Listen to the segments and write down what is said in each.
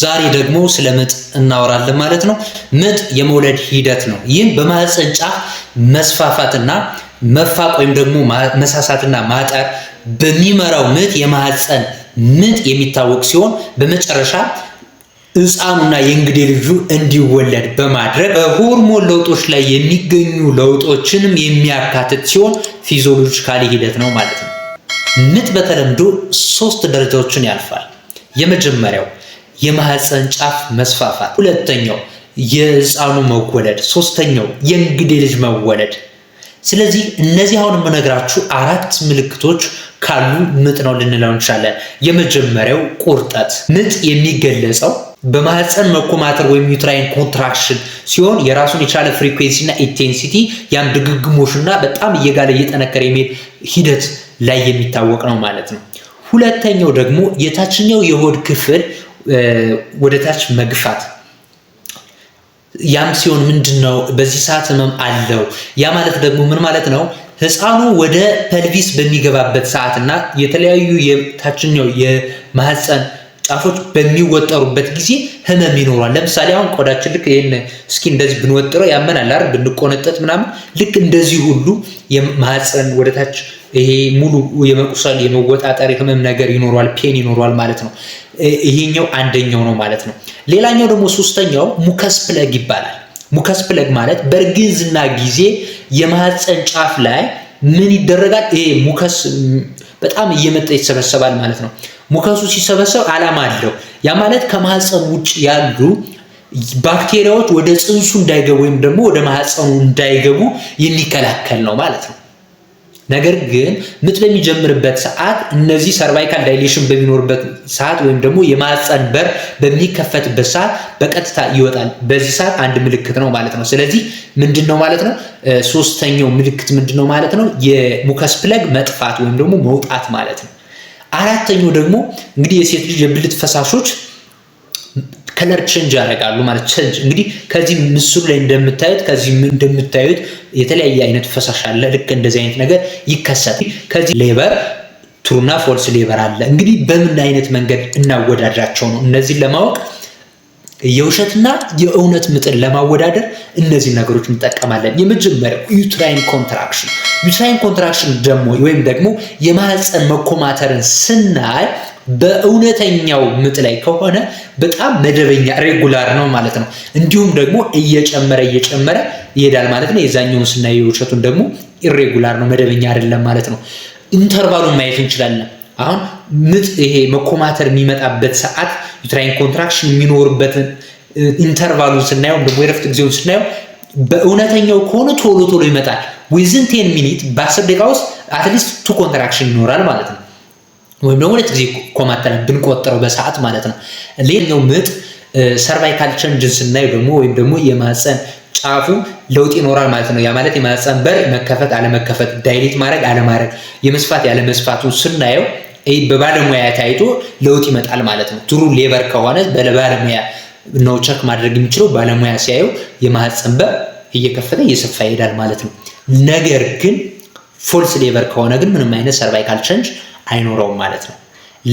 ዛሬ ደግሞ ስለ ምጥ እናወራለን ማለት ነው። ምጥ የመውለድ ሂደት ነው። ይህም በማህፀን ጫፍ መስፋፋትና መፋቅ ወይም ደግሞ መሳሳትና ማጠር በሚመራው ምጥ የማህፀን ምጥ የሚታወቅ ሲሆን በመጨረሻ ህፃኑና የእንግዴ ልጁ እንዲወለድ በማድረግ በሆርሞን ለውጦች ላይ የሚገኙ ለውጦችንም የሚያካትት ሲሆን ፊዚዮሎጂካሊ ሂደት ነው ማለት ነው። ምጥ በተለምዶ ሶስት ደረጃዎችን ያልፋል። የመጀመሪያው የማህፀን ጫፍ መስፋፋት፣ ሁለተኛው የህፃኑ መወለድ፣ ሶስተኛው የእንግዴ ልጅ መወለድ። ስለዚህ እነዚህ አሁን የምነግራችሁ አራት ምልክቶች ካሉ ምጥ ነው ልንለው እንችላለን። የመጀመሪያው ቁርጠት። ምጥ የሚገለጸው በማህፀን መኮማተር ወይም ዩትራይን ኮንትራክሽን ሲሆን የራሱን የቻለ ፍሪኩዌንሲ እና ኢንቴንሲቲ ያም ድግግሞሽ እና በጣም እየጋለ እየጠነከረ የሚሄድ ሂደት ላይ የሚታወቅ ነው ማለት ነው። ሁለተኛው ደግሞ የታችኛው የሆድ ክፍል ወደታች መግፋት ያም ሲሆን ምንድን ነው በዚህ ሰዓት ህመም አለው። ያ ማለት ደግሞ ምን ማለት ነው? ህፃኑ ወደ ፐልቪስ በሚገባበት ሰዓትና የተለያዩ የታችኛው የማህፀን ጫፎች በሚወጠሩበት ጊዜ ህመም ይኖሯል። ለምሳሌ አሁን ቆዳችን ልክ ይህን እስኪ እንደዚህ ብንወጥረው ያመናል አይደል? ብንቆነጠጥ ምናምን ልክ እንደዚህ ሁሉ ማህፀን ወደታች ይሄ ሙሉ የመቁሰል የመወጣጠር ህመም ነገር ይኖሯል፣ ፔን ይኖሯል ማለት ነው። ይሄኛው አንደኛው ነው ማለት ነው። ሌላኛው ደግሞ ሶስተኛው ሙከስ ፕለግ ይባላል። ሙከስ ፕለግ ማለት በእርግዝና ጊዜ የማህፀን ጫፍ ላይ ምን ይደረጋል? ይሄ ሙከስ በጣም እየመጣ ይሰበሰባል ማለት ነው። ሙከሱ ሲሰበሰብ ዓላማ አለው። ያ ማለት ከማህፀን ውጭ ያሉ ባክቴሪያዎች ወደ ጽንሱ እንዳይገቡ ወይም ደግሞ ወደ ማህፀኑ እንዳይገቡ የሚከላከል ነው ማለት ነው። ነገር ግን ምጥ በሚጀምርበት ሰዓት እነዚህ ሰርቫይካል ዳይሌሽን በሚኖርበት ሰዓት ወይም ደግሞ የማህፀን በር በሚከፈትበት ሰዓት በቀጥታ ይወጣል። በዚህ ሰዓት አንድ ምልክት ነው ማለት ነው። ስለዚህ ምንድን ነው ማለት ነው? ሶስተኛው ምልክት ምንድን ነው ማለት ነው? የሙከስ ፕለግ መጥፋት ወይም ደግሞ መውጣት ማለት ነው። አራተኛው ደግሞ እንግዲህ የሴት ልጅ የብልት ፈሳሾች ከለር ቼንጅ ያደርጋሉ ማለት ቼንጅ እንግዲህ ከዚህ ምስሉ ላይ እንደምታዩት ከዚህ እንደምታዩት የተለያየ አይነት ፈሳሽ አለ። ልክ እንደዚህ አይነት ነገር ይከሰታል። ከዚህ ሌበር ትሩና ፎልስ ሌበር አለ። እንግዲህ በምን አይነት መንገድ እናወዳድራቸው ነው እነዚህን ለማወቅ የውሸትና የእውነት ምጥን ለማወዳደር እነዚህ ነገሮች እንጠቀማለን። የመጀመሪያው ዩትራይን ኮንትራክሽን። ዩትራይን ኮንትራክሽን ደግሞ ወይም ደግሞ የማህፀን መኮማተርን ስናይ በእውነተኛው ምጥ ላይ ከሆነ በጣም መደበኛ ሬጉላር ነው ማለት ነው። እንዲሁም ደግሞ እየጨመረ እየጨመረ ይሄዳል ማለት ነው። የዛኛውን ስናይ የውሸቱን ደግሞ ኢሬጉላር ነው፣ መደበኛ አይደለም ማለት ነው። ኢንተርቫሉን ማየት እንችላለን። አሁን ምጥ ይሄ መኮማተር የሚመጣበት ሰዓት ዩትራይን ኮንትራክሽን የሚኖርበትን ኢንተርቫሉን ስናየው ደግሞ የረፍት ጊዜውን ስናየው በእውነተኛው ከሆነ ቶሎ ቶሎ ይመጣል። ዊዝን ቴን ሚኒት በአስር ደቂቃ ውስጥ አትሊስት ቱ ኮንትራክሽን ይኖራል ማለት ነው። ወይም ደግሞ ሁለት ጊዜ ኮማተለ ብንቆጠረው በሰዓት ማለት ነው። ሌላኛው ምጥ ሰርቫይካል ቸንጅን ስናየው ደግሞ ወይም ደግሞ የማፀን ጫፉ ለውጥ ይኖራል ማለት ነው። ያ ማለት የማፀን በር መከፈት አለመከፈት፣ ዳይሌት ማድረግ አለማድረግ፣ የመስፋት ያለመስፋቱ ስናየው በባለሙያ ታይቶ ለውጥ ይመጣል ማለት ነው። ትሩ ሌበር ከሆነ በባለሙያ ነው ቸክ ማድረግ የሚችለው። ባለሙያ ሲያየው የማህፀን በር እየከፈተ እየሰፋ ይሄዳል ማለት ነው። ነገር ግን ፎልስ ሌበር ከሆነ ግን ምንም አይነት ሰርቫይካል ቸንጅ አይኖረውም ማለት ነው።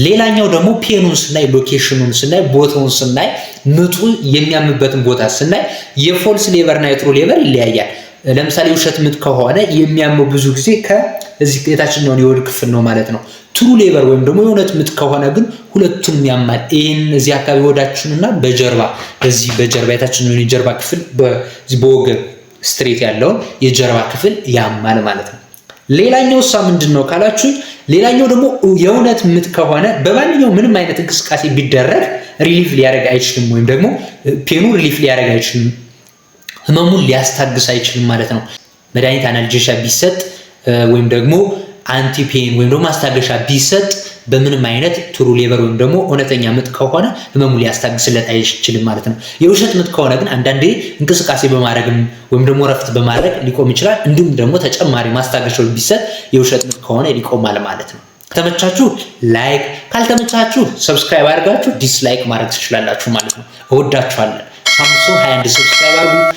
ሌላኛው ደግሞ ፔኑን ስናይ ሎኬሽኑን ስናይ ቦታውን ስናይ ምጡ የሚያምበትን ቦታ ስናይ የፎልስ ሌበር እና የትሩ ሌበር ይለያያል። ለምሳሌ ውሸት ምት ከሆነ የሚያመው ብዙ ጊዜ ከዚህ የታችኛውን የወድ ክፍል ነው ማለት ነው። ትሩ ሌበር ወይም ደግሞ የእውነት ምት ከሆነ ግን ሁለቱም ያማል። ይህን እዚህ አካባቢ ሆዳችሁንና በጀርባ በዚህ በጀርባ የታችኛውን የጀርባ ክፍል በወገብ ስትሬት ያለውን የጀርባ ክፍል ያማል ማለት ነው። ሌላኛው እሷ ምንድን ነው ካላችሁ፣ ሌላኛው ደግሞ የእውነት ምት ከሆነ በማንኛው ምንም አይነት እንቅስቃሴ ቢደረግ ሪሊፍ ሊያደርግ አይችልም፣ ወይም ደግሞ ፔኑ ሪሊፍ ሊያደርግ አይችልም። ህመሙን ሊያስታግስ አይችልም ማለት ነው። መድኃኒት አናልጀሻ ቢሰጥ ወይም ደግሞ አንቲፔን ወይም ደግሞ ማስታገሻ ቢሰጥ በምንም አይነት ትሩ ሌበር ወይም ደግሞ እውነተኛ ምጥ ከሆነ ህመሙ ሊያስታግስለት አይችልም ማለት ነው። የውሸት ምጥ ከሆነ ግን አንዳንዴ እንቅስቃሴ በማድረግም ወይም ደግሞ ረፍት በማድረግ ሊቆም ይችላል። እንዲሁም ደግሞ ተጨማሪ ማስታገሻዎች ቢሰጥ የውሸት ምጥ ከሆነ ይቆማል ማለት ነው። ከተመቻችሁ ላይክ፣ ካልተመቻችሁ ሰብስክራይብ አድርጋችሁ ዲስላይክ ማድረግ ትችላላችሁ ማለት ነው። እወዳችኋለን። ሳምሶን 21 ሰብስክራይብ አድርጉ።